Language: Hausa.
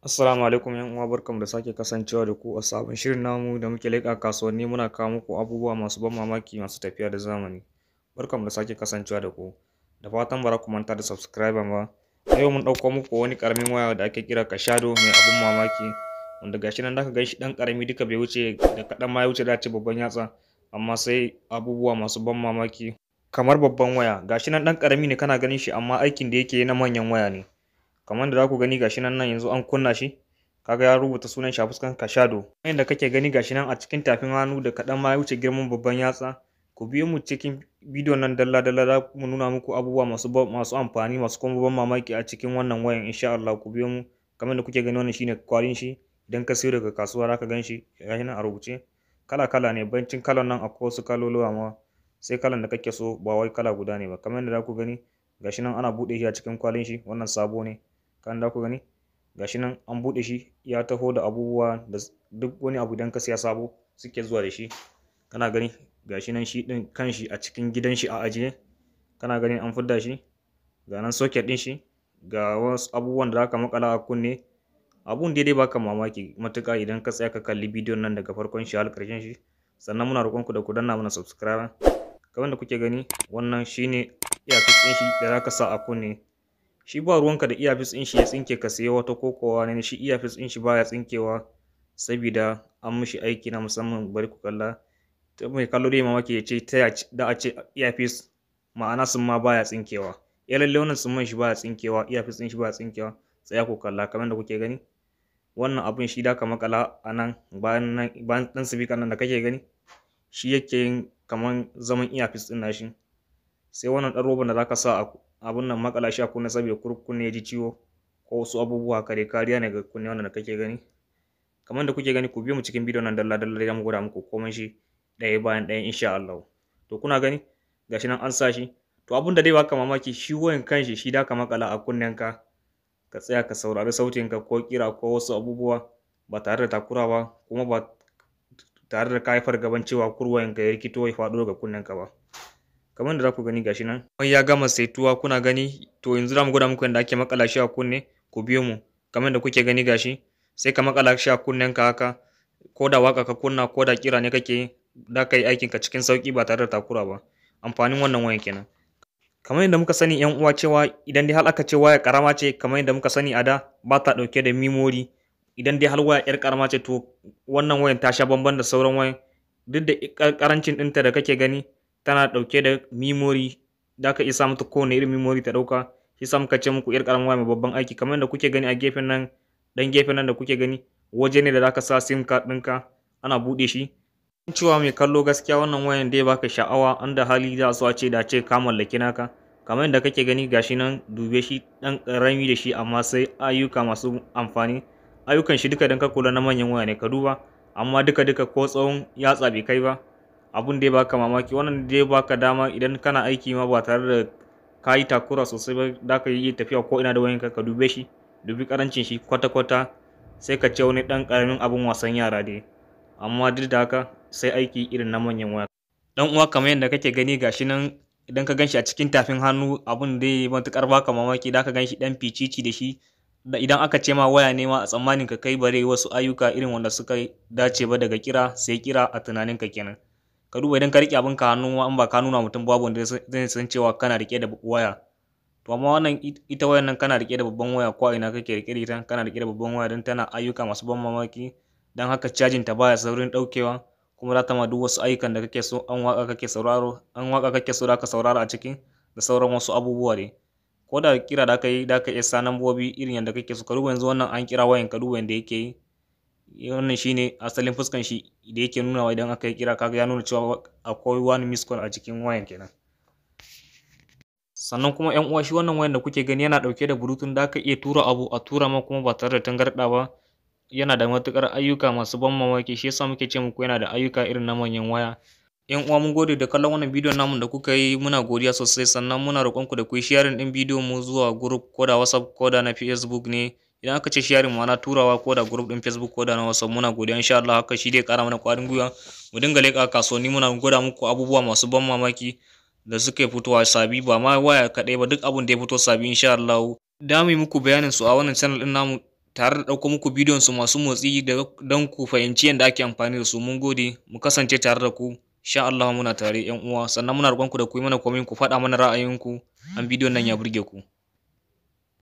Assalamu alaikum yan uwa barkamu da sake kasancewa da ku a sabon shirin namu da muke leƙa kasuwanni muna kawo muku abubuwa masu ban mamaki masu tafiya da zamani. Barkamu da sake kasancewa da ku. Da fatan bara ku manta da subscriber ba. Yau mun ɗauko muku wani ƙaramin waya da ake kira kashado mai abun mamaki wanda gashi nan zaka ganshi ɗan ƙarami duka bai wuce da kaɗan ma ya wuce da ce babban yatsa amma sai abubuwa masu ban mamaki kamar babban waya gashi nan ɗan ƙarami ne kana ganin shi amma aikin da yake na manyan waya ne. kamar da za ku gani gashi nan nan yanzu an kunna shi kaga ya rubuta sunan shi a fuskan ka shado yadda kake gani gashi nan a cikin tafin hannu da kaɗan ma ya wuce girman babban yatsa ku biyo mu cikin bidiyon nan dalla dalla za mu nuna muku abubuwa masu masu amfani masu kuma ban mamaki a cikin wannan wayan insha Allah ku biyo mu kamar da kuke gani wannan shine kwarin shi idan ka siyo daga kasuwa zaka gan shi gashi nan a rubuce kala kala ne bancin kalan nan akwai wasu kalolowa ma sai kalan da kake so ba wai kala guda ne ba kamar yadda za ku gani gashi nan ana buɗe shi a cikin kwalin shi wannan sabo ne kan da ku gani gashi nan an bude shi ya taho da abubuwa da duk wani abu idan ka siya sabo suke zuwa da shi kana gani gashi nan shi ɗin kanshi a cikin gidan shi a ajiye kana gani an fudda shi ga nan socket ɗin shi ga wasu abubuwan da zaka makala a kunne abun dai baka mamaki matuka idan ka tsaya ka kalli bidiyon nan daga farkon shi har ƙarshen shi sannan muna roƙon ku da ku danna mana subscribe kamar da kuke gani wannan shine iyakacin shi da zaka sa a kunne shi ba ruwanka da iyafis ɗin shi ya tsinke ka sayo wata kokowa ne shi iyafis ɗin shi baya tsinkewa sabida an mishi aiki na musamman bari ku kalla ta mai kallo dai mamaki ya ce ta da a ce iyafis ma'ana sun ma baya tsinkewa ya lalle wannan sun man shi baya tsinkewa iyafis ɗin shi baya tsinkewa tsaya ku kalla kamar da kuke gani wannan abin shi da kama kala a nan bayan ɗan sifika nan da kake gani shi yake yin kamar zaman iyafis ɗin nashi sai wannan ɗan roban da za ka sa a abun nan makala shi a kunne saboda kunne ya ji ciwo ko wasu abubuwa kare kariya ne ga kunne wannan da kake gani kamar da kuke gani ku biyo mu cikin bidiyon nan dalla dalla da mu gura muku komai shi ɗaya bayan ɗaya insha Allah to kuna gani gashi nan an sa shi to abun da dai baka mamaki shi wayan kanshi shi da ka makala a kunnenka ka tsaya ka saurari sautin ka ko kira ko wasu abubuwa ba tare da takura ba kuma ba tare da ka haifar gaban cewa kurwayan ya rikito ya faɗo daga kunnenka ba kamar da za ku gani gashi nan wai ya gama saituwa kuna gani to yanzu za mu gwada muku yadda ake makala shi a kunne ku biyo mu kamar da kuke gani gashi sai ka makala shi a kunnen ka haka ko da waka ka kunna ko da kira ne kake yi da ka yi aikin ka cikin sauki ba tare da takura ba amfanin wannan wayan kenan kamar yadda muka sani yan uwa cewa idan dai har aka ce waya karama ce kamar yadda muka sani a da ba ta dauke da memory idan dai har waya yar karama ce to wannan wayan ta sha bamban da sauran wayan duk da karancin dinta da kake gani tana ɗauke da memory da ka iya mata kowane irin memory ta ɗauka shi sa muka ce muku 'yar ƙaramin waya mai babban aiki kamar yadda kuke gani a gefen nan dan gefen nan da kuke gani waje ne da za ka sa sim card ɗinka ana buɗe shi cewa mai kallo gaskiya wannan wayan dai baka sha'awa an da hali za su wace ce da ce ka mallaki naka kamar yadda kake gani gashi nan dube shi ɗan ƙarami da shi amma sai ayyuka masu amfani ayyukan shi duka dan ka kula na manyan waya ne ka duba amma duka duka ko tsawon yatsa bai kai ba abun da ya baka mamaki wannan da ya baka dama idan kana aiki ma ba tare da ka yi takura sosai ba da ka yi tafiya ko ina da wayanka ka dube shi dubi karancin shi kwata-kwata sai ka ce wani dan karamin abin wasan yara dai amma duk da haka sai aiki irin na manyan waya dan uwa kamar yadda kake gani gashi nan idan ka ganshi a cikin tafin hannu abun da ya matukar baka mamaki da ka ganshi dan ficici da shi da idan aka ce ma waya ne ma a tsammanin ka kai bare wasu ayyuka irin wanda suka dace ba daga kira sai kira a tunanin ka kenan ka duba idan ka rike abin ka hannu an ba ka nuna mutum babu wanda zai san cewa kana rike da waya to amma wannan ita wayan nan kana rike da babban waya ko ina kake rike da ita kana rike da babban waya don tana ayyuka masu ban mamaki don haka cajin ta baya saurin ɗaukewa kuma za ta ma duk wasu ayyukan da kake so an waka kake sauraro an waka kake so ka saurara a ciki da sauran wasu abubuwa ne ko da kira da aka yi da aka iya sa bobi irin yadda kake so ka duba yanzu wannan an kira wayan ka duba yadda yake yi wannan shine asalin fuskan shi da yake nuna wa idan aka yi kira kaga ya nuna cewa akwai wani miss a cikin wayan kenan sannan kuma yan uwa shi wannan wayan da kuke gani yana dauke da bluetooth da aka iya tura abu a tura ma kuma ba tare da tangarda ba yana da matukar ayyuka masu ban mamaki shi yasa muke ce muku yana da ayyuka irin na manyan waya yan uwa mun gode da kallon wannan bidiyon namu da kuka yi muna godiya sosai sannan muna roƙon ku da ku yi sharing din bidiyon mu zuwa group ko da whatsapp ko da na facebook ne idan aka ce sharing ma'ana turawa ko da group din facebook ko da na whatsapp muna godiya insha Allah haka shi dai kara mana kwarin gwiwa mu dinga leƙa kasuwanni muna gwada muku abubuwa masu ban mamaki da suka fitowa sabi ba ma waya kaɗai ba duk abun da ya fito sabi insha Allah da mu muku bayanin su a wannan channel din namu tare da dauko muku bidiyon su masu motsi don ku fahimci yadda ake amfani da su mun gode mu kasance tare da ku insha Allah muna tare yan uwa sannan muna roƙon ku da ku yi mana komai ku faɗa mana ra'ayinku an bidiyon nan ya burge ku